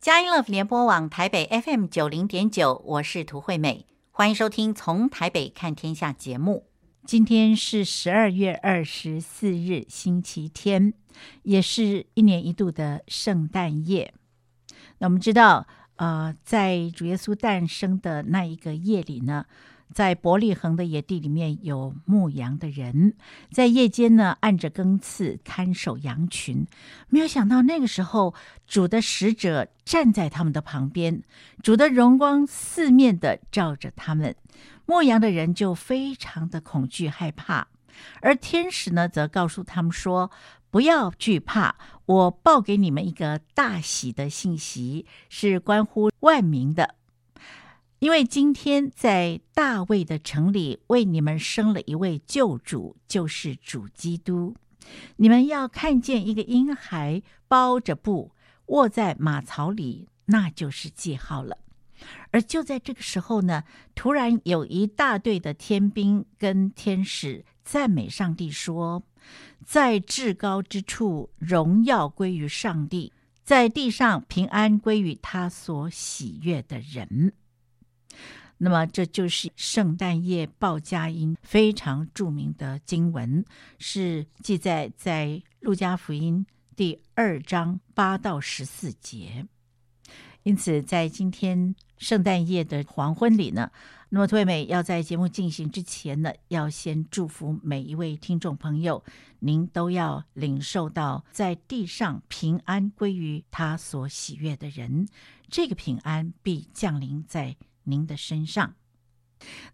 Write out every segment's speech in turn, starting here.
佳音 Love 聯播網台北 FM 九零點九，我是涂惠美，歡迎收聽《從台北看天下》節目。今天是十二月二十四日，星期天，也是一年一度的聖誕夜。那我們知道，呃，在主耶穌誕生的那一個夜裡呢，在伯利恆的野地裡面有牧羊的人，在夜間呢，按着更次看守羊群。沒有想到那個時候，主的使者站在他們的旁邊，主的榮光四面的照着他們。牧羊的人就非常的恐懼害怕，而天使呢，則告訴他們說：“不要懼怕，我報給你們一個大喜的信息，是關乎萬民的。”因為今天在大衛的城裡為你們生了一位救主，就是主基督。你們要看見一個嬰孩包着布臥在馬槽裡，那就是記號了。而就在這個時候呢，突然有一大隊的天兵跟天使讚美上帝，說：“在至高之處榮耀歸於上帝，在地上平安歸於他所喜悅的人。”那麼這就是聖誕夜報佳音非常著名的經文，是記載在《路加福音》第二章八到十四節。因此，在今天聖誕夜的黃昏裡呢，那麼特別美要在節目進行之前呢，要先祝福每一位聽眾朋友，您都要領受到在地上平安歸於他所喜悅的人，這個平安必降臨在。您的身上。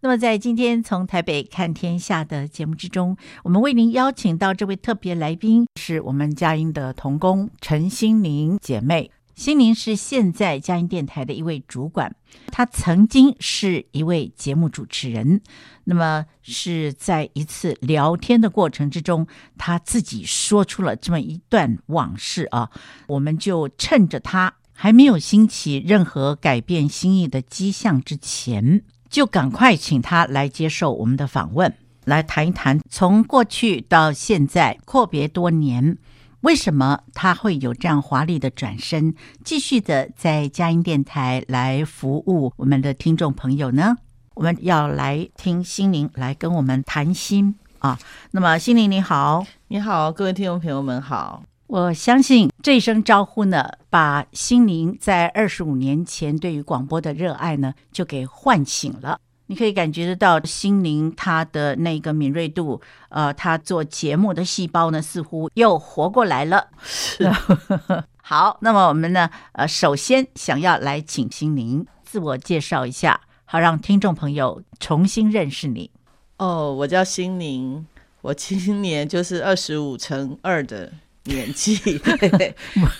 那麼，在今天從台北看天下的節目之中，我們為您邀請到這位特別來賓是我們佳音的同工陳心寧姐妹。心寧是現在佳音電臺的一位主管，她曾經是一位節目主持人。那麼是在一次聊天的過程之中，她自己說出了這麼一段往事啊，我們就趁着他。還沒有興起任何改變心意的跡象之前，就趕快請他來接受我們的訪問，來談一談從過去到現在闊別多年，為什麼他會有這樣華麗的轉身，繼續的在佳音電台來服務我們的聽眾朋友呢？我們要來聽心寧，來跟我們談心啊。那麼，心寧你好。你好，各位聽眾朋友們好。我相信這一聲招呼呢，把心寧在二十五年前對於廣播的熱愛呢，就給喚醒了。你可以感覺得到心寧他的那個敏銳度，呃，他做節目的細胞呢，似乎又活過來了。是啊， 好。那麼我們呢，呃，首先想要來請心寧自我介紹一下，好，讓聽眾朋友重新認識你。哦，我叫心寧，我今年就是二十五乘二的年紀，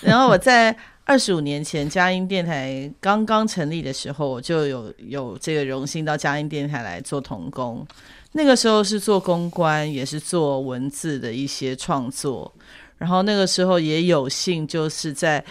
然後我在二十五年前，佳音電台剛剛成立的時候，我就有有這個榮幸到佳音電台來做同工。那個時候是做公關，也是做文字的一些創作。然後那個時候也有幸，就是在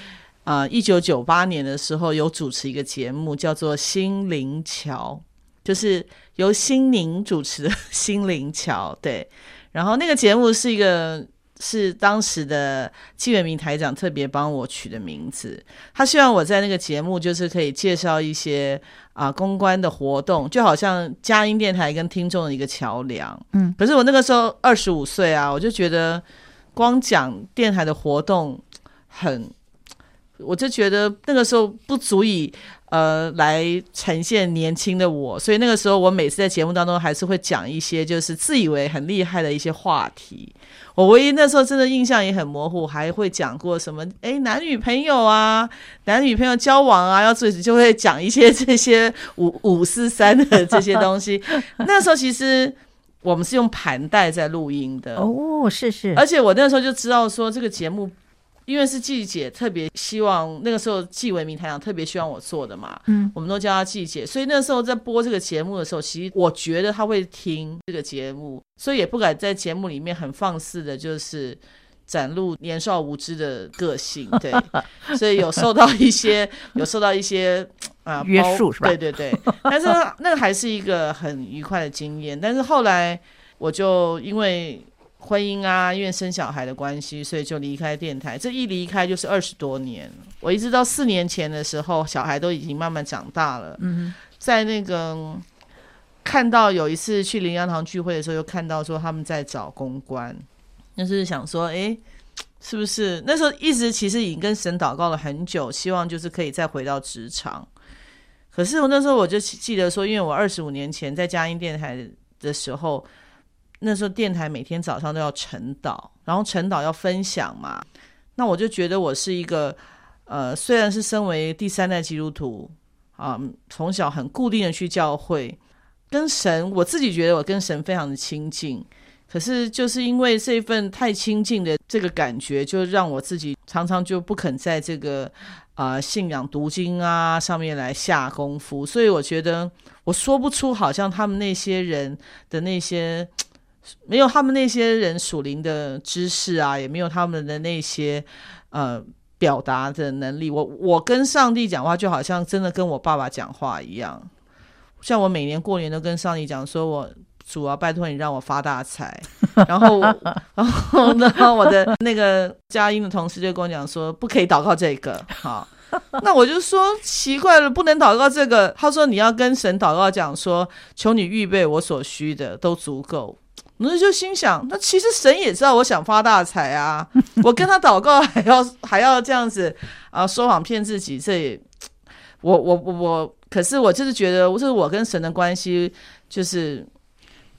啊一九九八年的時候，有主持一個節目，叫做《心靈橋》，就是由心寧主持的《 心靈橋》。對，然後那個節目是一個。是當時的紀元明台長特別幫我取的名字，他希望我在那個節目就是可以介紹一些啊公關的活動，就好像佳音電臺跟聽眾的一個橋梁。嗯，可是我那個時候二十五歲啊，我就覺得光講電台的活動很，我就覺得那個時候不足以呃來呈現年輕的我，所以那個時候我每次在節目當中還是會講一些就是自以為很厲害的一些話題。我唯一那時候真的印象也很模糊，還會講過什麼誒、欸，男女朋友啊，男女朋友交往啊，要注意，就會講一些這些五五四三的這些東西。 那時候其實我們是用盤帶在錄音的哦，是是，而且我那時候就知道說這個節目。因為是季姐特別希望那個時候季維明台長特別希望我做的嘛，嗯，我們都叫他季姐，所以那時候在播這個節目的時候，其實我覺得他會聽這個節目，所以也不敢在節目裡面很放肆的，就是展露年少無知的個性，對，所以有受到一些 有受到一些啊、呃、約束是吧？對對對，但是那個還是一個很愉快的經驗，但是後來我就因為。婚姻啊，因為生小孩的關係，所以就離開電台。這一離開就是二十多年。我一直到四年前的時候，小孩都已經慢慢長大了。嗯，在那個看到有一次去林陽堂聚會的時候，又看到說他們在找公關，就是想說，哎、欸，是不是那時候一直其實已經跟神禱告了很久，希望就是可以再回到職場。可是我那時候我就記得說，因為我二十五年前在佳音電台的時候。那時候電台每天早上都要晨禱，然後晨禱要分享嘛，那我就覺得我是一個，呃，雖然是身為第三代基督徒啊，呃、從小很固定的去教會，跟神，我自己覺得我跟神非常的親近，可是就是因為這一份太親近的這個感覺，就讓我自己常常就不肯在這個啊、呃、信仰讀經啊上面來下功夫，所以我覺得我說不出，好像他們那些人的那些。沒有他們那些人屬靈的知識啊，也沒有他們的那些呃表達的能力。我我跟上帝講話就好像真的跟我爸爸講話一樣。像我每年過年都跟上帝講說，我主啊，拜託你讓我發大財。 然後然後呢，我的那個佳音的同事就跟我講說， 不可以禱告這個。好，那我就說奇怪了，不能禱告這個。他說你要跟神禱告講說，求你預備我所需的都足夠。我就心想，那其實神也知道我想發大財啊，我跟他禱告還要還要這樣子啊說謊騙自己，這我我我我，可是我就是覺得，我是我跟神的關係就是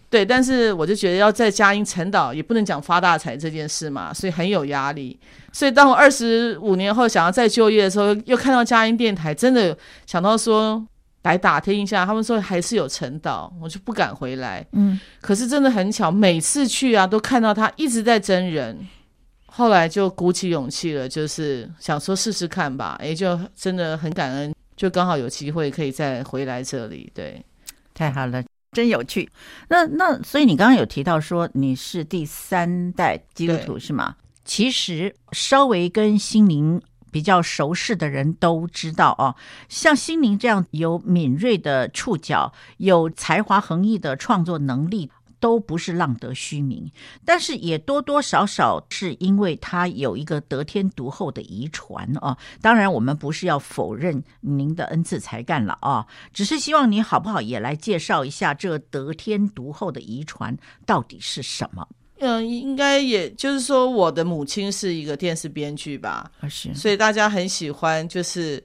對，但是我就覺得要在佳音傳道，也不能講發大財這件事嘛，所以很有壓力。所以當我二十五年後想要再就業的時候，又看到佳音電臺，真的想到說。還打聽一下，他們說還是有成導。我就不敢回來。嗯，可是真的很巧，每次去啊都看到他一直在徵人。後來就鼓起勇氣了，就是想說試試看吧。也、欸、就真的很感恩，就剛好有機會可以再回來這裡。對，太好了，真有趣。那那所以你剛剛有提到說你是第三代基督徒對是嗎？其實稍微跟心靈。比較熟識的人都知道哦、啊，像心寧這樣有敏銳的觸角、有才華橫溢的創作能力，都不是浪得虛名。但是也多多少少是因為他有一個得天獨厚的遺傳啊。當然，我們不是要否認您的恩賜才幹了啊，只是希望你好不好也來介紹一下這得天獨厚的遺傳到底是什麼？嗯，應該也就是說，我的母親是一個電視編劇吧，是所以大家很喜歡就是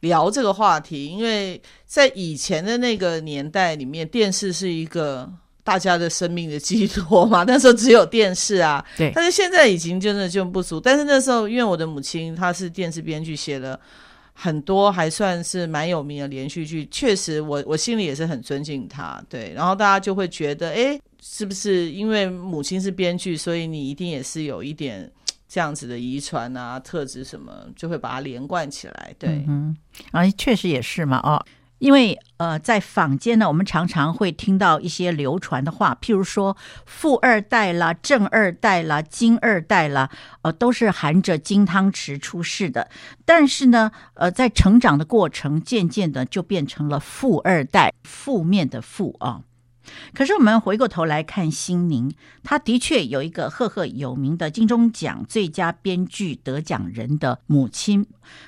聊這個話題，因為在以前的那個年代裡面，電視是一個大家的生命的寄托嘛。那時候只有電視啊，對，但是現在已經真的就不足。但是那時候，因為我的母親她是電視編劇，寫的。很多還算是蠻有名的連續劇，確實我我心裡也是很尊敬他，對。然後大家就會覺得，哎，是不是因為母親是編劇，所以你一定也是有一點這樣子的遺傳啊特質什麼，就會把它連貫起來，對。嗯，然後，哎，確實也是嘛，哦。因為呃，在坊間呢，我們常常會聽到一些流傳的話，譬如說富二代啦、正二代啦、金二代啦，呃，都是含着金湯匙出世的。但是呢，呃，在成長的過程，漸漸的就變成了負二代，負面的負啊。可是我們回過頭來看，心寧，她的確有一個赫赫有名的金鐘獎最佳編劇得獎人的母親，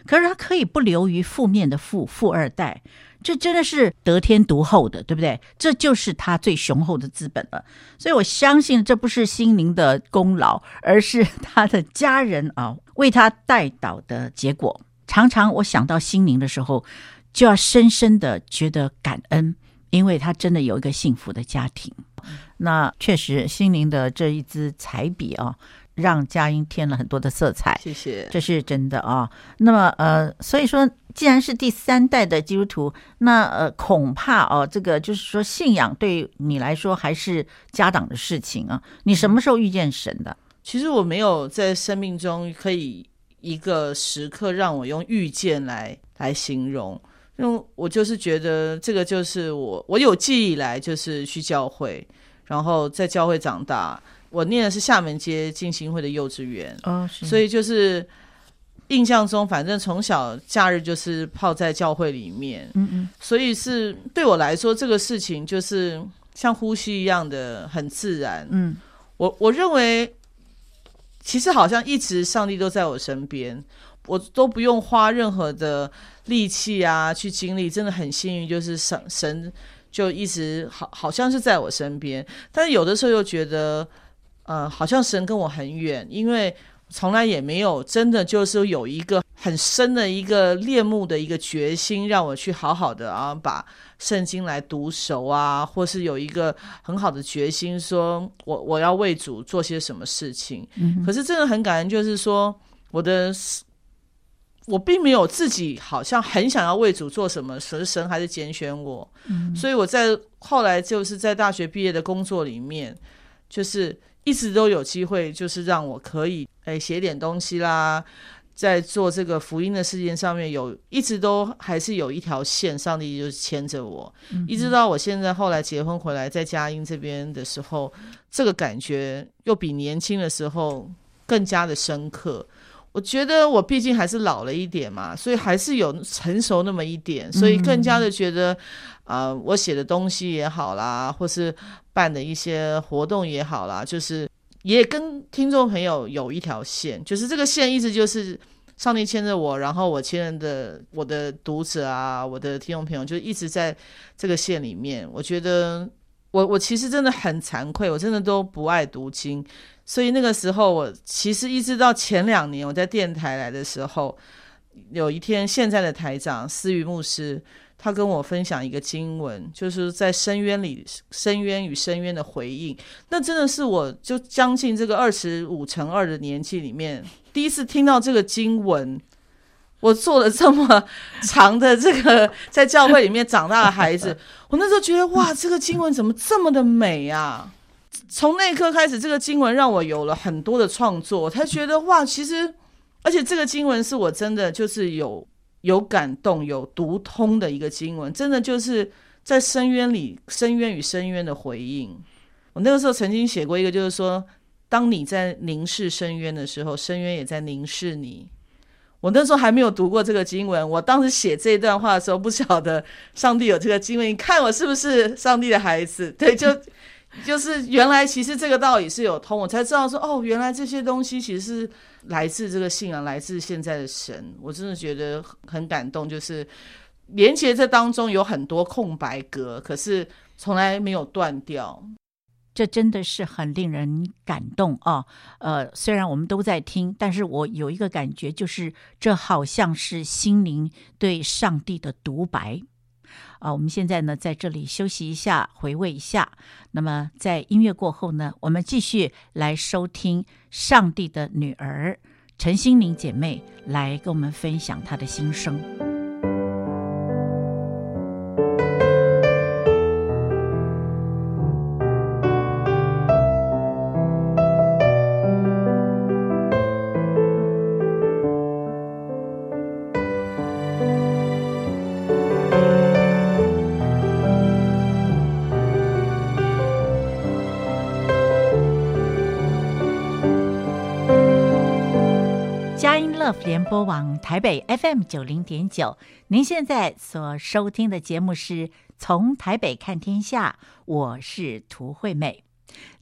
可是她可以不流於負面的負，負二代。這真的是得天獨厚的，對不對？這就是他最雄厚的資本了。所以，我相信這不是心寧的功勞，而是他的家人啊為他帶導的結果。常常我想到心寧的時候，就要深深的覺得感恩，因為他真的有一個幸福的家庭。那確實，心寧的這一支彩筆啊，讓佳音添了很多的色彩，謝謝，這是真的啊、哦。那麼，呃，嗯、所以說，既然是第三代的基督徒，那呃，恐怕哦，這個就是說，信仰對你來說還是家長的事情啊。你什麼時候遇見神的？其實我沒有在生命中可以一個時刻讓我用遇見來來形容，因為我就是覺得這個就是我，我有記憶來就是去教會，然後在教會長大。我念的是廈門街浸信會的幼稚園，oh, 行所以就是印象中，反正從小假日就是泡在教會裡面。嗯嗯，嗯所以是對我來說，這個事情就是像呼吸一樣的很自然。嗯，我我認為其實好像一直上帝都在我身邊，我都不用花任何的力氣啊去經歷，真的很幸運，就是神神就一直好好像是在我身邊。但是有的時候又覺得。呃，好像神跟我很遠，因為從來也沒有真的就是有一個很深的一個戀慕的一個決心，讓我去好好的，啊，把聖經來讀熟啊，或是有一個很好的決心，說我我要為主做些什麼事情。嗯、哼可是真的很感恩，就是說我的我並沒有自己好像很想要為主做什麼，神神還是揀選我，嗯、哼所以我在後來就是在大學畢業的工作裡面，就是。一直都有機會，就是讓我可以誒寫、欸、點東西啦，在做這個福音的事件上面有，一直都還是有一條線，上帝就牽着我，嗯、哼一直到我現在後來結婚回來在佳音這邊的時候，這個感覺又比年輕的時候更加的深刻。我覺得我畢竟還是老了一點嘛，所以還是有成熟那麼一點，所以更加的覺得啊、嗯哼呃，我寫的東西也好啦，或是。辦的一些活動也好啦，就是也跟聽眾朋友有一條線，就是這個線一直就是上帝牽着我，然後我牽着的我的讀者啊，我的聽眾朋友就一直在這個線裡面。我覺得我我其實真的很慚愧，我真的都不愛讀經，所以那個時候我其實一直到前兩年我在電台來的時候，有一天現在的台長思雨牧師。他跟我分享一個經文，就是在深淵裡，深淵與深淵的回應。那真的是我就將近這個二十五乘二的年紀裡面，第一次聽到這個經文。我做了這麼長的這個 在教會裡面長大的孩子，我那時候覺得哇，這個經文怎麼這麼的美啊！從那一刻開始，這個經文讓我有了很多的創作。他覺得哇，其實而且這個經文是我真的就是有。有感動、有讀通的一個經文，真的就是在深淵裡，深淵與深淵的回應。我那個時候曾經寫過一個，就是說，當你在凝視深淵的時候，深淵也在凝視你。我那時候還沒有讀過這個經文，我當時寫這段話的時候，不曉得上帝有這個經文。你看我是不是上帝的孩子？對，就。 就是原來其實這個道理是有通，我才知道說哦，原來這些東西其實是來自這個信仰，來自現在的神。我真的覺得很感動，就是連接這當中有很多空白格，可是從來沒有斷掉，這真的是很令人感動啊！呃，雖然我們都在聽，但是我有一個感覺，就是這好像是心靈對上帝的獨白。啊，我們現在呢，在這裡休息一下，回味一下。那麼，在音樂過後呢，我們繼續來收聽上帝的女兒陳心玲姐妹來跟我們分享她的心聲。播往台北 FM 九零點九，您現在所收聽的節目是從台北看天下，我是涂惠美。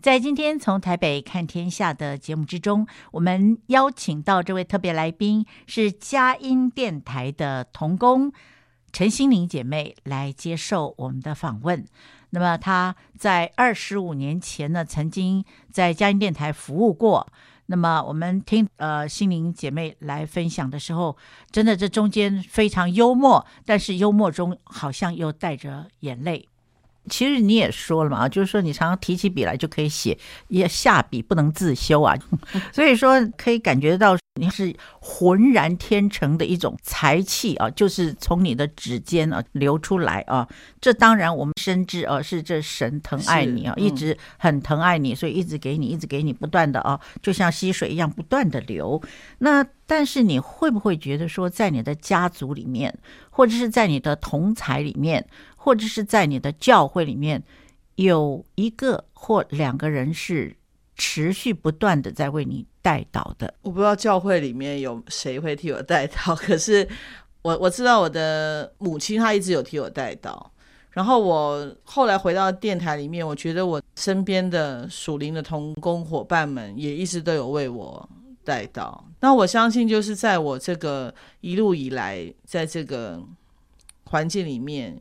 在今天從台北看天下的節目之中，我們邀請到這位特別來賓是佳音電台的同工陳心寧姐妹來接受我們的訪問。那麼她在二十五年前呢，曾經在佳音電台服務過。那麼我們聽呃心寧姐妹來分享的時候，真的這中間非常幽默，但是幽默中好像又帶着眼淚。其實你也說了嘛啊，就是說你常常提起筆來就可以寫，也下筆不能自休啊， 所以說可以感覺到你是渾然天成的一種才氣啊，就是從你的指尖啊流出來啊。這當然我們深知啊，是這神疼愛你啊，是一直很疼愛你，嗯、所以一直給你，一直給你，不斷的啊，就像溪水一樣不斷的流。那。但是你會不會覺得說，在你的家族裡面，或者是在你的同儕裡面，或者是在你的教會裡面，有一個或兩個人是持續不斷的在為你代禱的？我不知道教會裡面有誰會替我代禱，可是我我知道我的母親她一直有替我代禱。然後我後來回到電台裡面，我覺得我身邊的屬靈的同工伙伴們也一直都有為我。代禱，那我相信就是在我這個一路以來，在這個環境裡面，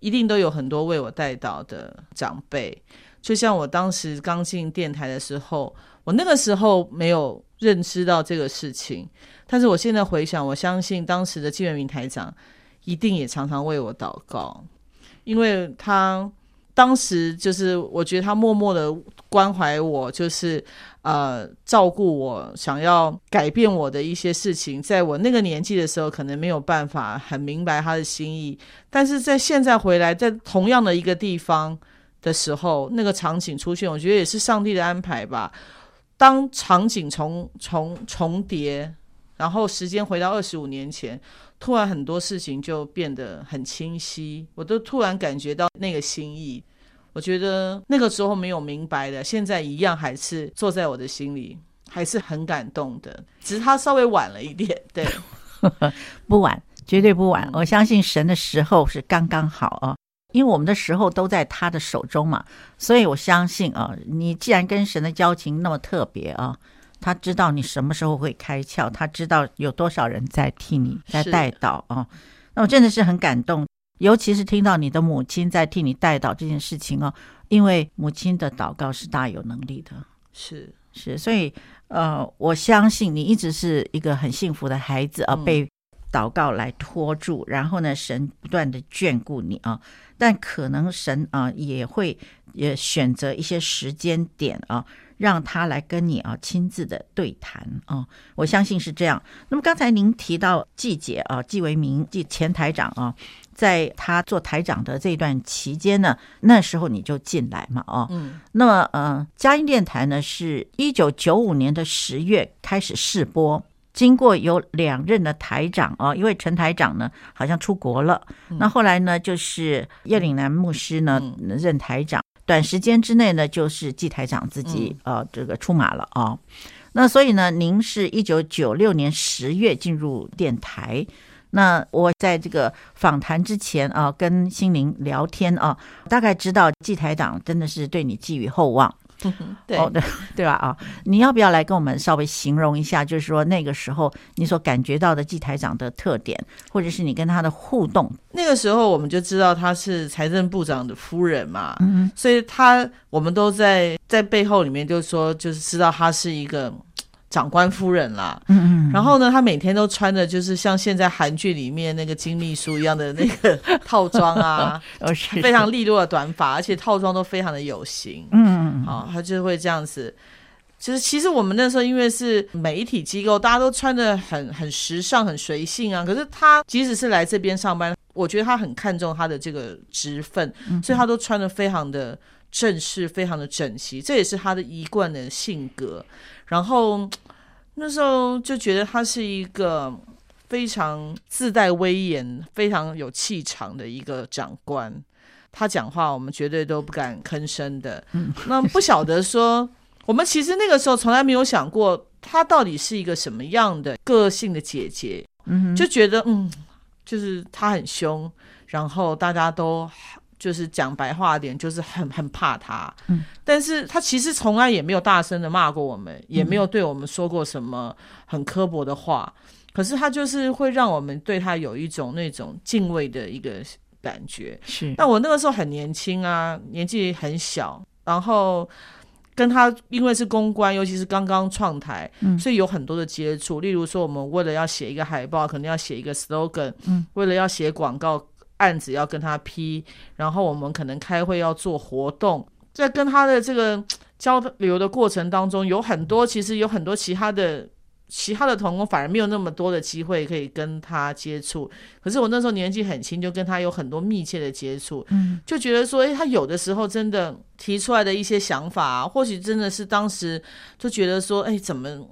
一定都有很多為我代禱的長輩。就像我當時剛進電台的時候，我那個時候沒有認知到這個事情，但是我現在回想，我相信當時的紀元明台長一定也常常為我禱告，因為他。當時就是，我覺得他默默的關懷我，就是呃照顧我，想要改變我的一些事情。在我那個年紀的時候，可能沒有辦法很明白他的心意。但是在現在回來，在同樣的一個地方的時候，那個場景出現，我覺得也是上帝的安排吧。當場景重重重疊，然後時間回到二十五年前，突然很多事情就變得很清晰，我都突然感覺到那個心意。我覺得那個時候沒有明白的，現在一樣還是坐在我的心裡，還是很感動的。只是他稍微晚了一點，對， 不晚，絕對不晚。嗯。我相信神的時候是剛剛好啊，因為我們的時候都在他的手中嘛。所以我相信啊，你既然跟神的交情那麼特別啊，他知道你什麼時候會開竅，他知道有多少人在替你在代禱啊。是的。那我真的是很感動。尤其是聽到你的母親在替你代禱這件事情哦，因為母親的禱告是大有能力的，是是，所以呃，我相信你一直是一個很幸福的孩子啊，嗯、被禱告來托住，然後呢，神不斷的眷顧你啊，但可能神啊也會也選擇一些時間點啊，讓他來跟你啊親自的對談啊，我相信是這樣。那麼剛才您提到紀姐啊，紀惟明紀前台長啊。在他做台長的這一段期間呢，那時候你就進來嘛，哦，嗯、那麼呃，佳音電台呢是一九九五年的十月開始試播，經過有兩任的台長，哦，一位陳台長呢好像出國了，嗯、那後來呢就是葉嶺南牧師呢嗯嗯任台長，短時間之內呢就是季台長自己呃這個出馬了哦，那所以呢，您是一九九六年十月進入電台。那我在這個訪談之前啊，跟心寧聊天啊，大概知道紀台長真的是對你寄予厚望， 對、oh, 對對吧？啊，你要不要來跟我們稍微形容一下，就是說那個時候你所感覺到的紀台長的特點，或者是你跟他的互動？那個時候我們就知道他是財政部長的夫人嘛，嗯、哼所以他我們都在在背後裡面就說，就是知道他是一個。長官夫人啦，嗯嗯，然後呢，她每天都穿的就是像現在韓劇裡面那個金秘書一樣的那個套裝啊， 非常利落的短髮，而且套裝都非常的有型，嗯好、嗯，她、哦、就會這樣子，就是其實我們那時候因為是媒體機構，大家都穿的很很時尚、很隨性啊，可是她即使是來這邊上班，我覺得她很看重她的這個職分，嗯嗯，所以她都穿的非常的。正式非常的整齊，這也是他的一貫的性格。然後那時候就覺得他是一個非常自帶威嚴、非常有氣場的一個長官。他講話，我們絕對都不敢吭聲的。嗯、那不曉得說， 我們其實那個時候從來沒有想過，他到底是一個什麼樣的個性的姐姐。嗯哼，就覺得嗯，就是他很凶，然後大家都。就是講白話點，就是很很怕他。嗯，但是他其實從來也沒有大聲的罵過我們，嗯、也沒有對我們說過什麼很刻薄的話。嗯、可是他就是會讓我們對他有一種那種敬畏的一個感覺。是。那我那個時候很年輕啊，年紀很小，然後跟他因為是公關，尤其是剛剛創台，嗯、所以有很多的接觸。例如說，我們為了要寫一個海報，可能要寫一個 slogan、嗯。為了要寫廣告。案子要跟他批，然後我們可能開會要做活動，在跟他的這個交流的過程當中，有很多其實有很多其他的其他的同工，反而沒有那麼多的機會可以跟他接觸。可是我那時候年紀很輕，就跟他有很多密切的接觸，嗯、就覺得說，誒、哎，他有的時候真的提出來的一些想法，或許真的是當時就覺得說，誒、哎，怎麼？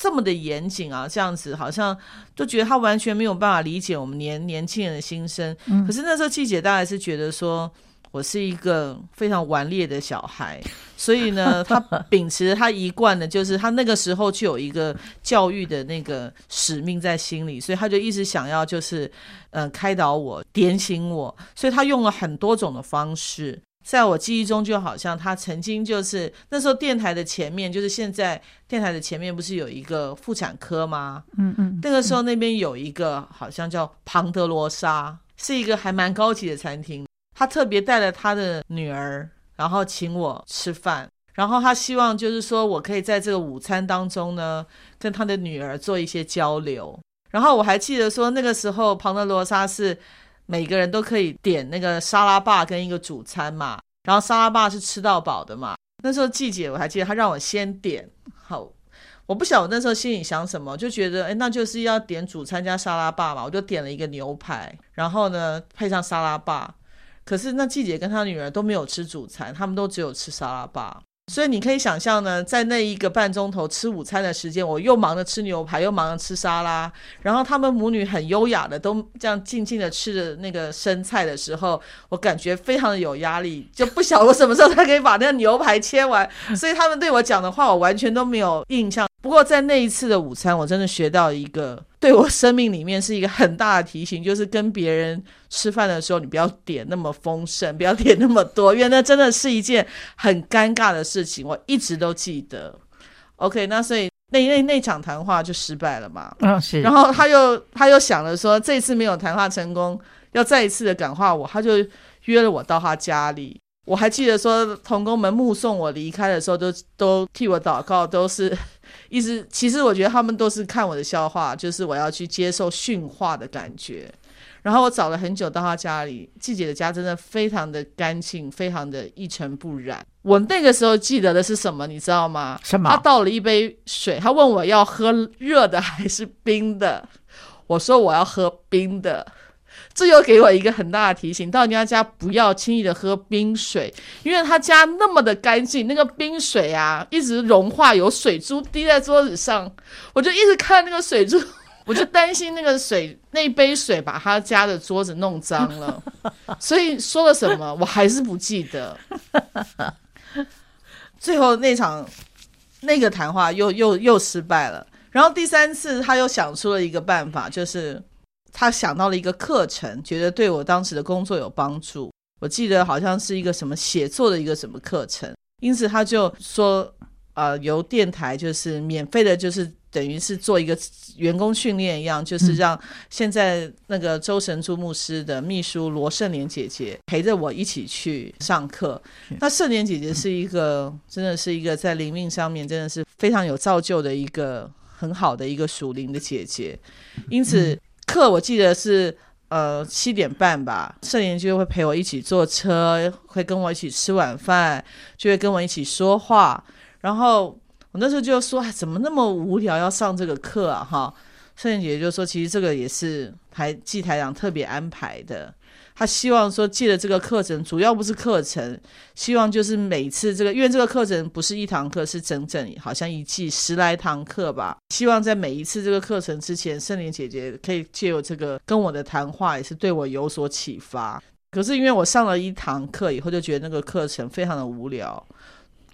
這麼的嚴謹啊，這樣子好像都覺得他完全沒有辦法理解我們年年輕人的心聲。嗯、可是那時候季姐大概是覺得說，我是一個非常頑劣的小孩， 所以呢，他秉持着他一貫的，就是他那個時候就有一個教育的那個使命在心裡，所以他就一直想要就是，嗯、呃，開導我，點醒我，所以他用了很多種的方式。在我記憶中，就好像他曾經就是那時候電台的前面，就是現在電台的前面不是有一個婦產科嗎？嗯嗯，嗯，那個時候那邊有一個好像叫龐德羅莎，是一個還蠻高級的餐廳。他特別帶了他的女兒，然後請我吃飯，然後他希望就是說我可以在這個午餐當中呢，跟他的女兒做一些交流。然後我還記得說，那個時候龐德羅莎是。每個人都可以點那個沙拉霸跟一個主餐嘛，然後沙拉霸是吃到飽的嘛。那時候季姐我還記得，她讓我先點。好，我不曉得我那時候心裡想什麼，就覺得誒，那就是要點主餐加沙拉霸嘛，我就點了一個牛排，然後呢配上沙拉霸。可是那季姐跟她女兒都沒有吃主餐，她們都只有吃沙拉霸。所以你可以想象呢，在那一個半鐘頭吃午餐的時間，我又忙着吃牛排，又忙着吃沙拉，然後他們母女很優雅的都這樣靜靜的吃着那個生菜的時候，我感覺非常的有壓力，就不曉得我什麼時候才可以把那個牛排切完。所以他們對我講的話，我完全都沒有印象。不過在那一次的午餐，我真的學到一個。對我生命裡面是一個很大的提醒，就是跟別人吃飯的時候，你不要點那麼豐盛，不要點那麼多，因為那真的是一件很尷尬的事情。我一直都記得。OK，那所以那那那場談話就失敗了嘛。哦，是。然後他又他又想了說，這次沒有談話成功，要再一次的感化我，他就約了我到他家裡。我還記得說，同工們目送我離開的時候，都都替我禱告，都是。意思其實我覺得他們都是看我的笑話，就是我要去接受訓話的感覺。然後我找了很久到他家裡，季姐的家真的非常的乾淨，非常的一塵不染。我那個時候記得的是什麼，你知道嗎？什麼？他倒了一杯水，他問我要喝熱的還是冰的，我說我要喝冰的。這又給我一個很大的提醒：到人家家不要輕易的喝冰水，因為他家那麼的乾淨，那個冰水啊一直融化，有水珠滴在桌子上，我就一直看那個水珠，我就擔心那個水 那杯水把他家的桌子弄髒了。所以說了什麼，我還是不記得。 最後那場那個談話又又又失敗了，然後第三次他又想出了一個辦法，就是。他想到了一個課程，覺得對我當時的工作有幫助。我記得好像是一個什麼寫作的一個什麼課程，因此他就說，呃，由電台就是免費的，就是等於是做一個員工訓練一樣，就是讓現在那個周神珠牧師的秘書羅盛蓮姐姐陪着我一起去上課。那盛蓮姐姐是一個，真的是一個在靈命上面真的是非常有造就的一個很好的一個屬靈的姐姐，因此，課我記得是呃七點半吧，聖蓮就會陪我一起坐車，會跟我一起吃晚飯，就會跟我一起說話。然後我那時候就說：“哎，怎麼那麼無聊要上這個課啊？”哈，聖蓮姐姐就說：“其實這個也是還季台長特別安排的。”他希望說借著這個課程，主要不是課程，希望就是每次這個，因為這個課程不是一堂課，是整整好像一季十來堂課吧。希望在每一次這個課程之前，心寧姐姐可以借由這個跟我的談話，也是對我有所啟發。可是因為我上了一堂課以後，就覺得那個課程非常的無聊。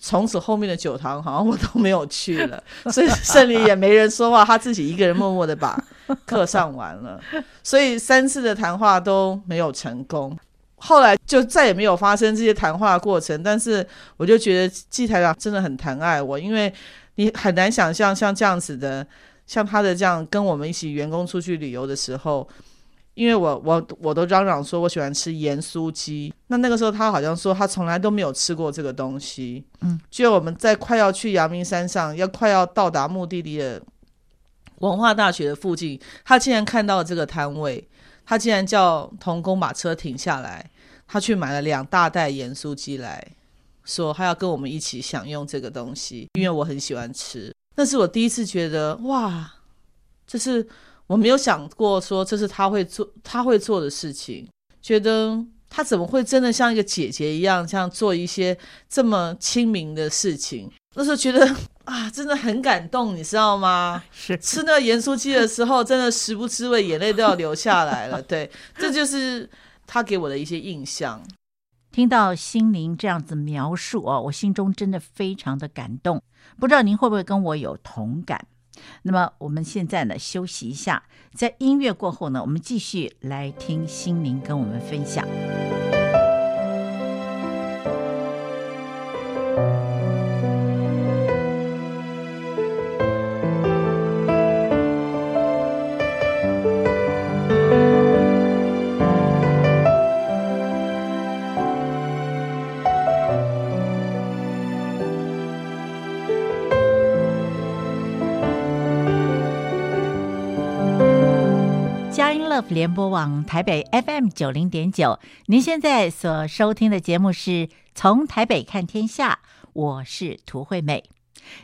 從此後面的酒堂，好像我都沒有去了，所以勝利也沒人說話， 他自己一個人默默的把課上完了。所以三次的談話都沒有成功，後來就再也沒有發生這些談話過程。但是我就覺得季台長真的很疼愛我，因為你很難想象像這樣子的，像他的這樣跟我們一起員工出去旅遊的時候。因為我我我都嚷嚷說，我喜歡吃鹽酥雞。那那個時候，他好像說他從來都沒有吃過這個東西。嗯，就我們在快要去陽明山上，要快要到達目的地的文化大學的附近，他竟然看到了這個攤位，他竟然叫同工把車停下來，他去買了兩大袋鹽酥雞來，說他要跟我們一起享用這個東西，因為我很喜歡吃。那是我第一次覺得，哇，這是。我沒有想過說，這是他會做他會做的事情，覺得他怎麼會真的像一個姐姐一樣，像做一些這麼親民的事情？那時候覺得啊，真的很感動，你知道嗎？是吃那鹽酥雞的時候，真的食不知味，眼淚都要流下來了。對，這就是他給我的一些印象。 聽到心寧這樣子描述哦，我心中真的非常的感動，不知道您會不會跟我有同感？那麼我們現在呢，休息一下，在音樂過後呢，我們繼續來聽心寧跟我們分享。聯播網台北 FM 九零點九，您現在所收聽的節目是從台北看天下，我是涂惠美。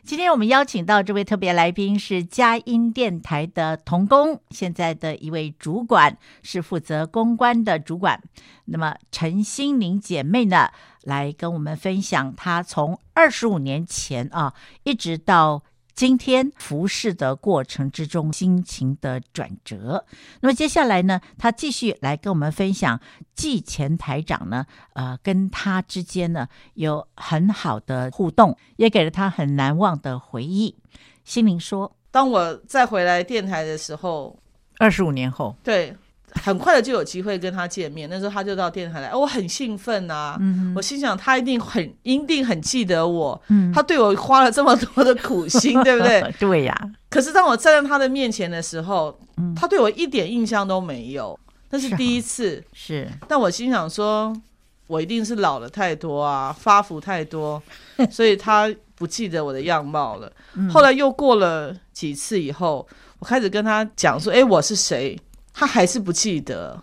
今天我們邀請到這位特別來賓是佳音電台的童工，現在的一位主管是負責公關的主管。那麼陳心寧姐妹呢，來跟我們分享她從二十五年前啊，一直到。今天服侍的過程之中，心情的轉折。那麼接下來呢，他繼續來跟我們分享，季前台長呢，呃，跟他之間呢有很好的互動，也給了他很難忘的回憶。心寧說：“當我再回來電台的時候，二十五年後。”對。很快的就有機會跟他見面，那時候他就到電台來，哦、我很興奮吶、啊，嗯、我心想他一定很一定很記得我，嗯、他對我花了這麼多的苦心，嗯、對不對？ 對呀。可是當我站在他的面前的時候，嗯、他對我一點印象都沒有，那是第一次，是、哦、是。但我心想說，我一定是老了太多啊，發福太多，所以他不記得我的樣貌了。嗯、後來又過了幾次以後，我開始跟他講說，哎、欸，我是誰？他還是不記得，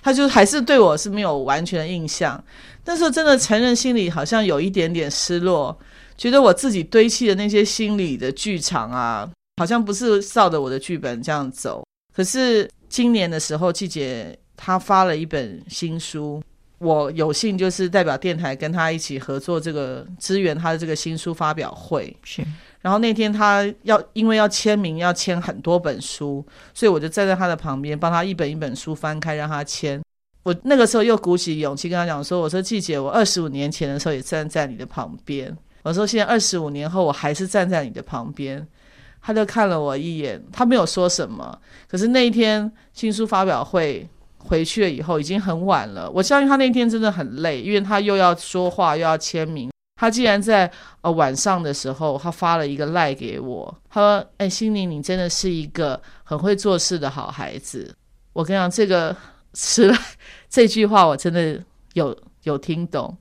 他就還是對我是沒有完全的印象。但是真的承認，心裡好像有一點點失落，覺得我自己堆砌的那些心理的劇場啊，好像不是照着我的劇本這樣走。可是今年的時候，季姐她發了一本新書，我有幸就是代表電台跟她一起合作，這個支援她的這個新書發表會，是。然後那天他要因為要簽名，要簽很多本書，所以我就站在他的旁邊，幫他一本一本書翻開，讓他簽。我那個時候又鼓起勇氣跟他講說：“我說季姐，我二十五年前的時候也站在你的旁邊，我說現在二十五年後我還是站在你的旁邊。”他就看了我一眼，他沒有說什麼。可是那一天新書發表會回去了以後，已經很晚了。我相信他那天真的很累，因為他又要說話，又要簽名。他竟然在呃晚上的時候，他發了一個賴、like、給我，他說：“哎，心寧，你真的是一個很會做事的好孩子。”我跟你講，這個是這句話，我真的有有聽懂。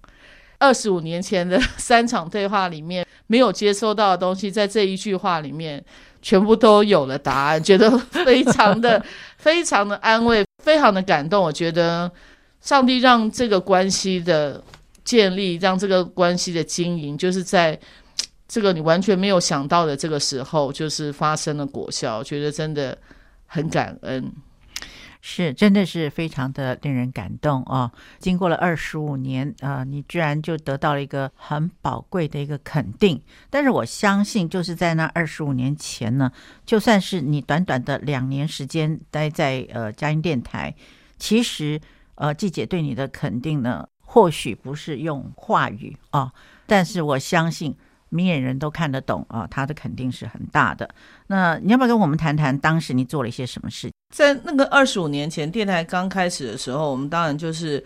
二十五年前的三場對話裡面沒有接收到的東西，在這一句話裡面全部都有了答案，覺得非常的 非常的安慰，非常的感動。我覺得上帝讓這個關係的。建立，讓這個關係的經營，就是在這個你完全沒有想到的這個時候，就是發生了果效。我覺得真的很感恩，是真的是非常的令人感動啊！經過了二十五年啊、呃，你居然就得到了一個很寶貴的一個肯定。但是我相信，就是在那二十五年前呢，就算是你短短的兩年時間待在呃佳音電台，其實呃季姐對你的肯定呢，或許不是用話語啊、哦，但是我相信明眼人都看得懂啊，他、哦、的肯定是很大的。那你要不要跟我們談談當時你做了一些什麼事？在那個二十五年前，電台剛開始的時候，我們當然就是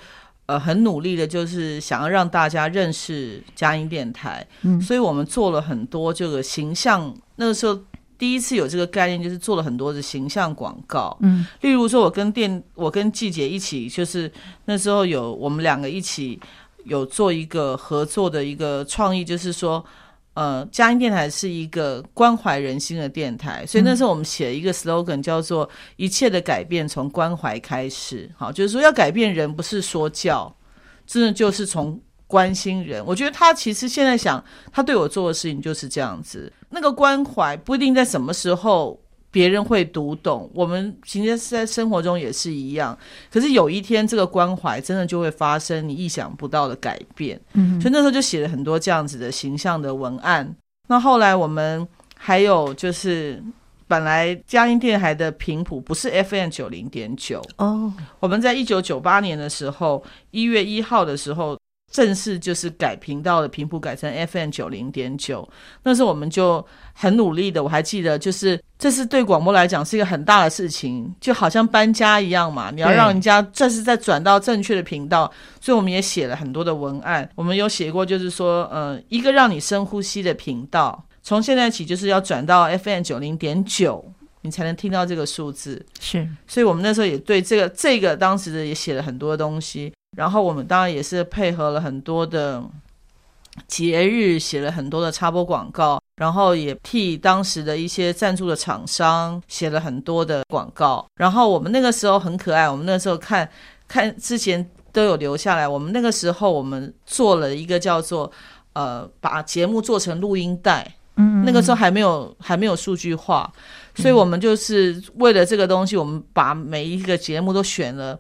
呃很努力的，就是想要讓大家認識佳音電台，嗯，所以我們做了很多這個形象，那個時候。第一次有這個概念，就是做了很多的形象廣告。嗯，例如說，我跟電，我跟季姐一起，就是那時候有我們兩個一起有做一個合作的一個創意，就是說，呃，佳音電台是一個關懷人心的電台，所以那時候我們寫一個 slogan，叫做“一切的改變從關懷開始”。好，就是說要改變人，不是說教，真的就是從。關心人，我覺得他其實現在想，他對我做的事情就是這樣子，那個關懷不一定在什麼時候別人會讀懂。我們其實是在生活中也是一樣，可是有一天這個關懷真的就會發生你意想不到的改變。嗯，所以那時候就寫了很多這樣子的形象的文案。那後來我們還有就是，本來佳音電台的頻譜不是 FM 九零點九哦，我們在一九九八年的時候一月一號的時候。正式就是改頻道的頻譜改成 F M 九零點九，那時我們就很努力的，我還記得，就是這是對廣播來講是一個很大的事情，就好像搬家一樣嘛，你要讓人家這是在轉到正確的頻道，對所以我們也寫了很多的文案，我們有寫過，就是說，呃，一個讓你深呼吸的頻道，從現在起就是要轉到 F M 九零點九。你才能聽到這個數字，是，所以我們那時候也對這個這個當時的也寫了很多東西，然後我們當然也是配合了很多的節日，寫了很多的插播廣告，然後也替當時的一些贊助的廠商寫了很多的廣告。然後我們那個時候很可愛，我們那時候看看之前都有留下來，我們那個時候我們做了一個叫做呃把節目做成錄音帶，嗯，嗯，那個時候還沒有還沒有數據化。所以，我們就是為了這個東西，我們把每一個節目都選了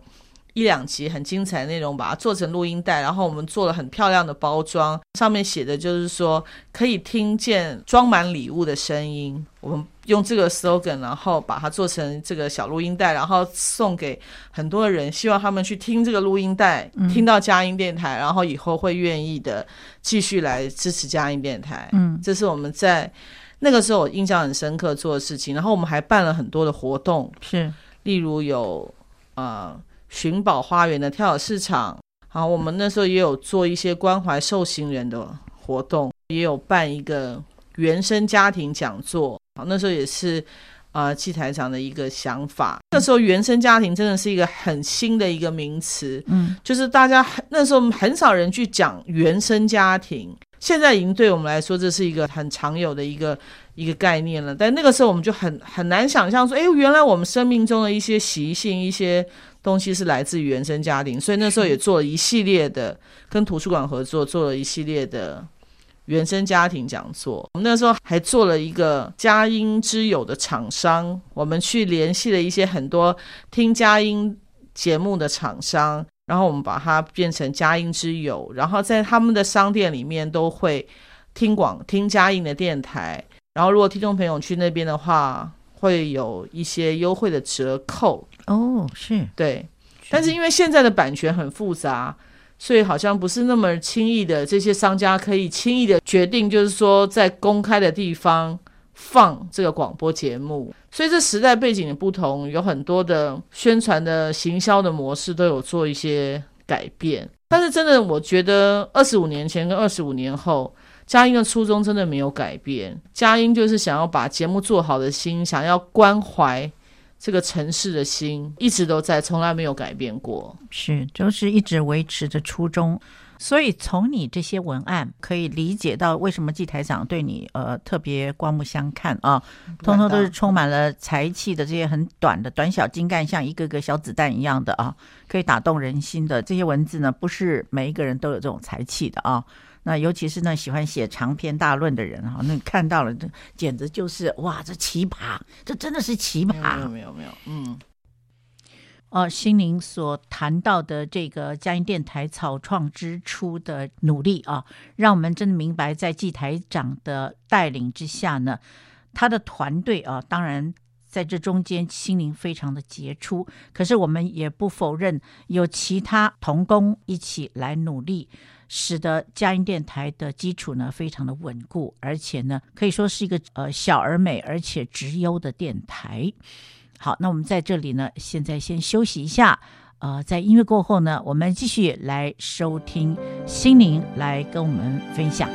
一兩集很精彩的內容，把它做成錄音帶，然後我們做了很漂亮的包裝，上面寫的就是說可以聽見裝滿禮物的聲音。我們用這個 slogan，然後把它做成這個小錄音帶，然後送給很多人，希望他們去聽這個錄音帶，聽到佳音電台，然後以後會願意的繼續來支持佳音電台。嗯，這是我們在。那個時候我印象很深刻做的事情，然後我們還辦了很多的活動，是，例如有啊、呃、尋寶花園的跳蚤市場，好，我們那時候也有做一些關懷受刑人的活動，也有辦一個原生家庭講座，好，那時候也是。啊，器材廠的一個想法。那個時候，原生家庭真的是一個很新的一個名詞。嗯，就是大家那時候很少人去講原生家庭，現在已經對我們來說，這是一個很常有的一個一個概念了。但那個時候，我們就很很難想象說，哎、欸，原來我們生命中的一些習性、一些東西是來自於原生家庭。所以那時候也做了一系列的跟圖書館合作，做了一系列的，原生家庭講座，我們那時候還做了一個佳音之友的廠商，我們去聯繫了一些很多聽佳音節目的廠商，然後我們把它變成佳音之友，然後在他們的商店裡面都會聽廣聽佳音的電台，然後如果聽眾朋友去那邊的話，會有一些優惠的折扣哦，是，對，是，但是因為現在的版權很複雜。所以好像不是那麼輕易的，這些商家可以輕易的決定，就是說在公開的地方放這個廣播節目。所以這時代背景的不同，有很多的宣傳的行銷的模式都有做一些改變。但是真的，我覺得二十五年前跟二十五年後，佳音的初衷真的沒有改變。佳音就是想要把節目做好的心，想要關懷。這個城市的心一直都在，從來沒有改變過，是，就是一直維持着初衷。所以從你這些文案可以理解到，為什麼季台長對你呃特別刮目相看啊？通通都是充滿了才氣的這些很短的、短小精幹，像一個個小子彈一樣的啊，可以打動人心的這些文字呢，不是每一個人都有這種才氣的啊。那尤其是那喜歡寫長篇大論的人哈，那你看到了這簡直就是哇，這奇葩，這真的是奇葩！沒有，沒有沒有沒有，嗯。哦、呃，心寧所談到的這個佳音電台草創之初的努力啊，讓我們真的明白，在季台長的帶領之下呢，他的團隊啊，當然在這中間心寧非常的傑出，可是我們也不否認有其他同工一起來努力。使得佳音電台的基礎呢，非常的穩固，而且呢可以說是一個呃小而美而且質優的電台。好，那我們在這裡呢，現在先休息一下，呃，在音樂過後呢，我們繼續來收聽心寧來跟我們分享。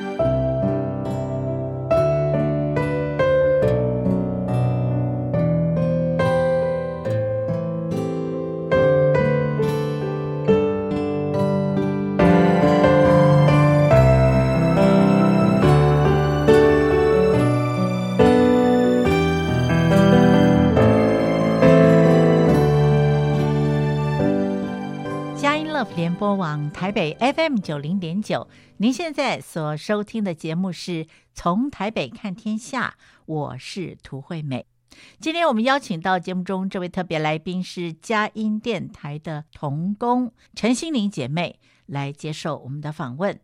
台北 FM 九零點九，您現在所收聽的節目是從台北看天下，我是涂惠美。今天我們邀請到節目中這位特別來賓是佳音電台的同工陳心寧姐妹來接受我們的訪問。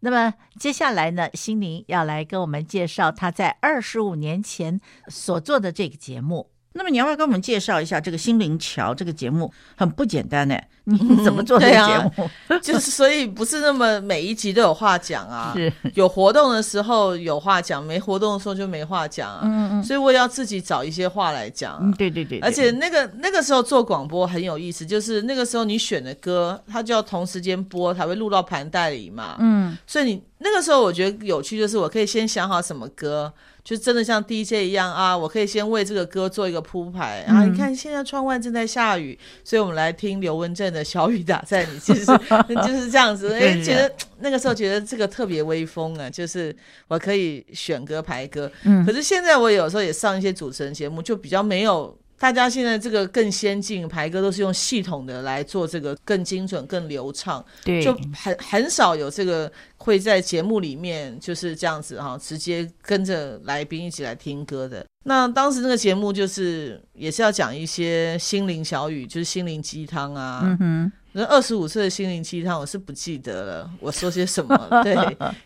那麼接下來呢，心寧要來跟我們介紹她在二十五年前所做的這個節目。那麼你要不要跟我們介紹一下這個《心靈橋》這個節目很不簡單呢？你怎麼做這個節目、嗯啊？就是所以不是那麼每一集都有話講啊， 是。有活動的時候有話講，沒活動的時候就沒話講。啊。嗯，嗯，所以我也要自己找一些話來講、啊嗯。對對對，對，而且那個那個時候做廣播很有意思，就是那個時候你選的歌，它就要同時間播才會錄到盤帶裡嘛。嗯。所以你那個時候我覺得有趣，就是我可以先想好什麼歌，就真的像 DJ 一樣啊，我可以先為這個歌做一個鋪排。然後、嗯啊、你看現在窗外正在下雨，所以我們來聽劉文正的《小雨打在你身上》， 就是這樣子。哎、欸，呀覺得那個時候覺得這個特別威風啊，就是我可以選歌排歌。嗯、可是現在我有時候也上一些主持人節目，就比較沒有。大家現在這個更先進，排歌都是用系統的來做，這個更精準、更流暢，對，就很很少有這個。會在節目裡面就是這樣子哈、哦，直接跟着來賓一起來聽歌的。那當時那個節目就是也是要講一些心靈小語，就是心靈雞湯啊。嗯嗯哼。那二十五歲的心靈雞湯，我是不記得了，我說些什麼？ 對，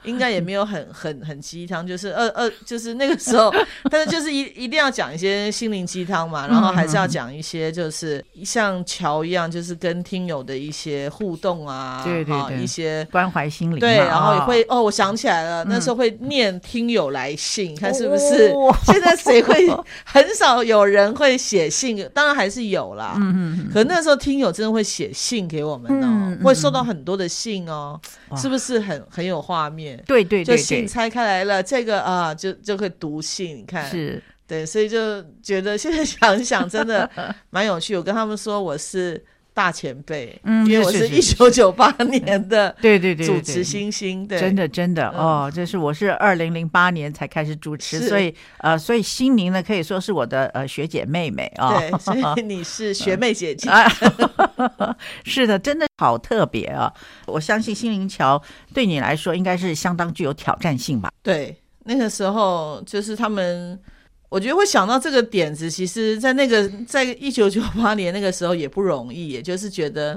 應該也沒有很很很雞湯，就是二二、呃呃、就是那個時候， 但是就是一一定要講一些心靈雞湯嘛，然後還是要講一些就是像橋一樣，就是跟聽友的一些互動啊，對對對，哦、一些關懷心靈。對，然後。哦會哦，我想起來了，嗯、那時候會念聽友來信，嗯、你看是不是？現在誰會？很少有人會寫信，哦、當然還是有啦。嗯嗯，嗯可那時候聽友真的會寫信給我們哦、喔，嗯、會收到很多的信哦、喔，嗯、是不是很很有畫面？對對對，就信拆開來了，這個啊、呃，就就會讀信，你看是對，所以就覺得現在想想真的蠻有趣。 我跟他們說我是。大前輩，嗯，因為我是一九九八年的，對對對，主持星星，是是是是對，對，對，對，真的真的哦，就、嗯、是我是二零零八年才開始主持，是所以呃，所以心寧呢可以說是我的呃學姐妹妹啊、哦，所以你是學妹姐姐是的，真的好特別啊！我相信心靈橋對你來說應該是相當具有挑戰性吧？對，那個時候就是他們。我覺得會想到這個點子，其實在那個在一九九八年那個時候也不容易，也就是覺得，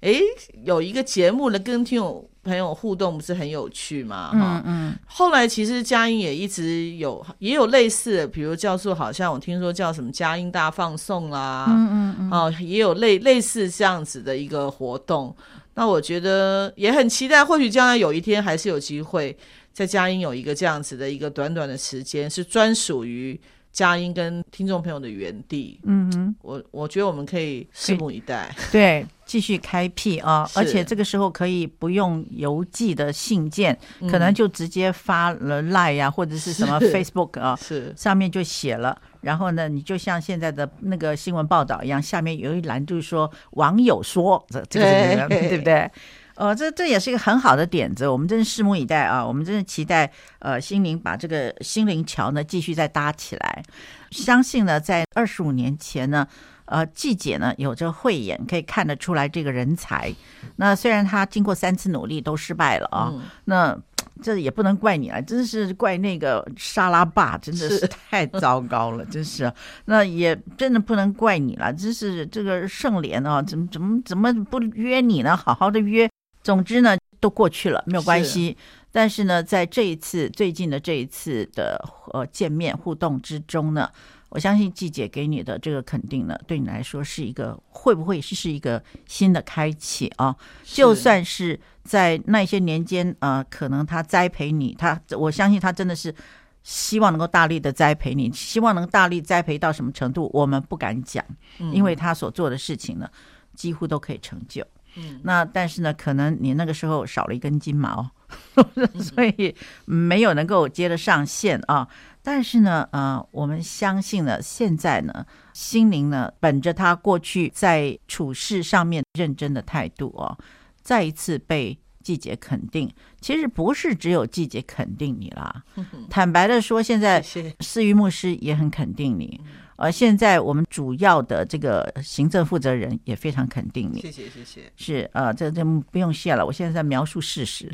哎、欸，有一個節目能跟聽友朋友互動，不是很有趣嘛？哈、嗯嗯，嗯後來其實佳音也一直有也有類似的，比如叫做好像我聽說叫什麼“佳音大放送、啊”啦，嗯、嗯嗯，哦、啊，也有類類似這樣子的一個活動。那我覺得也很期待，或許將來有一天還是有機會。在佳音有一個這樣子的一個短短的時間，是專屬於佳音跟聽眾朋友的園地。嗯哼，我我覺得我們可以拭目以待，對，繼續開闢啊！是而且這個時候可以不用郵寄的信件，是可能就直接發了 Line 呀、啊，嗯、或者是什麼 Facebook 啊，是上面就寫了。是然後呢，你就像現在的那個新聞報道一樣，下面有一欄就是說網友說，這這個對不對？呃、哦，這這也是一個很好的點子，我們真是拭目以待啊！我們真是期待呃，心靈把這個心靈橋呢繼續再搭起來。相信呢，在二十五年前呢，呃，季姐呢有着慧眼，可以看得出來這個人才。那雖然她經過三次努力都失敗了啊，嗯、那這也不能怪你了，真是怪那個沙拉爸，真的是太糟糕了，是 真是、啊。那也真的不能怪你了，真是這個盛蓮啊，怎麼怎麼怎麼不約你呢？好好的約。總之呢，都過去了，沒有關係。但是呢，在這一次最近的這一次的呃見面互動之中呢，我相信季姐給你的這個肯定呢，對你來說是一個會不會是是一個新的開啟啊？是就算是在那些年間啊、呃，可能他栽培你，他我相信他真的是希望能夠大力的栽培你，希望能大力栽培到什麼程度，我們不敢講，因為他所做的事情呢，嗯、幾乎都可以成就。那但是呢，可能你那個時候少了一根筋嘛，所以沒有能夠接得上線啊。但是呢，呃，我們相信呢，現在呢，心靈呢，本着他過去在處事上面認真的態度哦，再一次被季姐肯定。其實不是只有季姐肯定你啦，坦白的說，現在思於牧師也很肯定你。嗯。嗯呃，現在我們主要的這個行政負責人也非常肯定你。謝謝，謝謝。是啊，這這不用謝了。我現在在描述事實。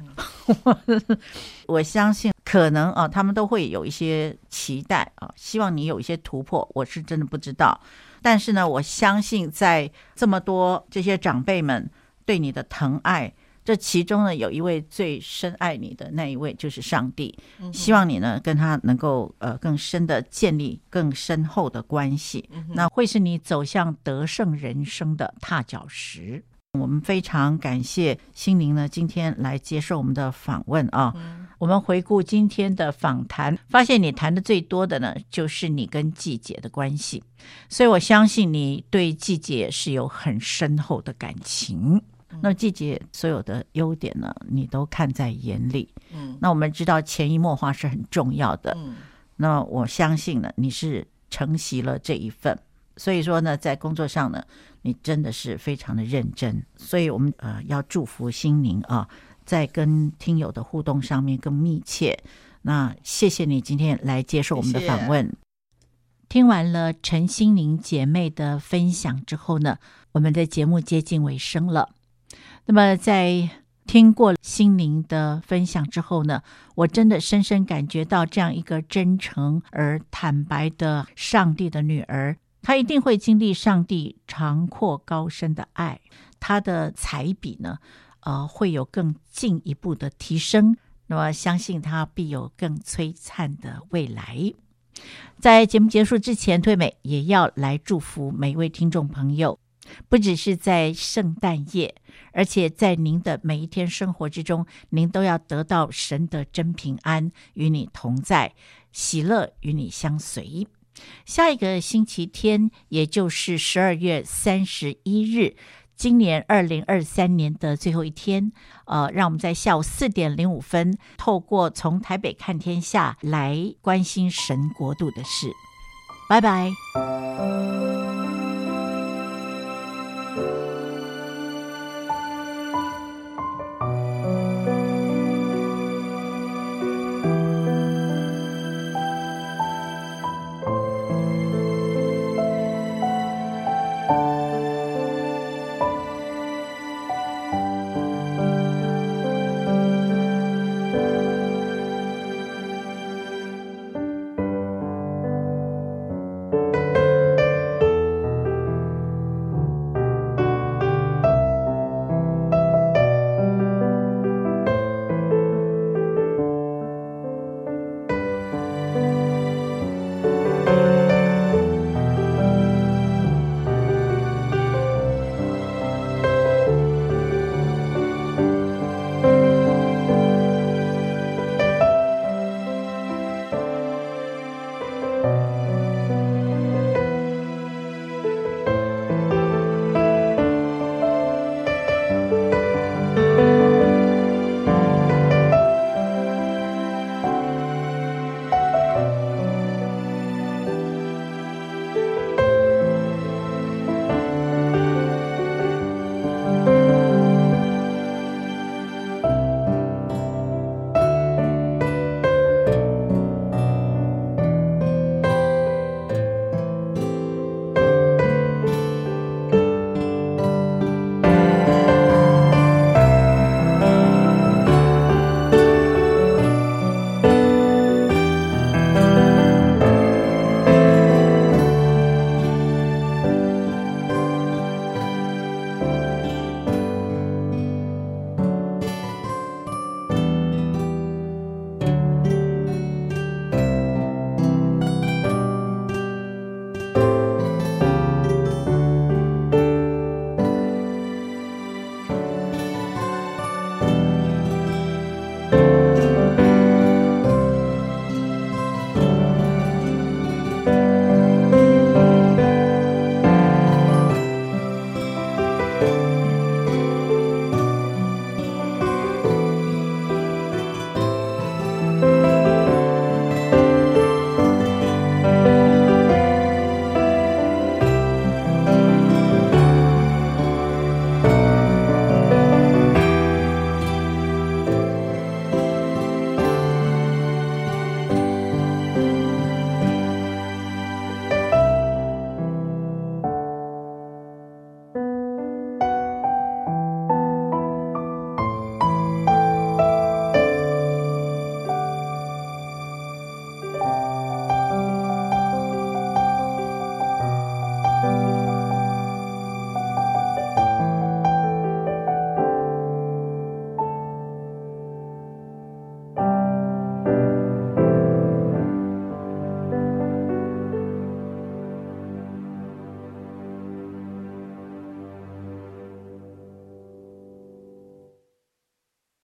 嗯、 我相信，可能啊，他們都會有一些期待啊，希望你有一些突破。我是真的不知道，但是呢，我相信在這麼多這些長輩們對你的疼愛。這其中呢，有一位最深愛你的那一位就是上帝。希望你呢跟他能夠呃更深的建立更深厚的關係，那會是你走向得勝人生的踏腳石。我們非常感謝心寧呢今天來接受我們的訪問啊。我們回顧今天的訪談，發現你談的最多的呢就是你跟姐姐的關係，所以我相信你對姐姐是有很深厚的感情。那姐姐所有的優點呢，你都看在眼裡。嗯，那我們知道潛移默化是很重要的。嗯，那我相信呢，你是承襲了這一份，所以說呢，在工作上呢，你真的是非常的認真。所以我們呃要祝福心寧啊，在跟聽友的互動上面更密切。那謝謝你今天來接受我們的訪問。謝謝。聽完了陳心寧姐妹的分享之後呢，我們的節目接近尾聲了。那麼，在聽過心寧的分享之後呢，我真的深深感覺到這樣一個真誠而坦白的上帝的女兒，她一定會經歷上帝長闊高深的愛，她的彩筆呢，呃，會有更進一步的提升。那麼，相信她必有更璀璨的未來。在節目結束之前，翠美也要來祝福每一位聽眾朋友。不只是在聖誕夜，而且在您的每一天生活之中，您都要得到神的真平安，與你同在，喜樂與你相隨。下一個星期天，也就是十二月三十一日，今年二零二三年的最後一天，呃，讓我們在下午四點零五分，透過從台北看天下來關心神國度的事。拜拜。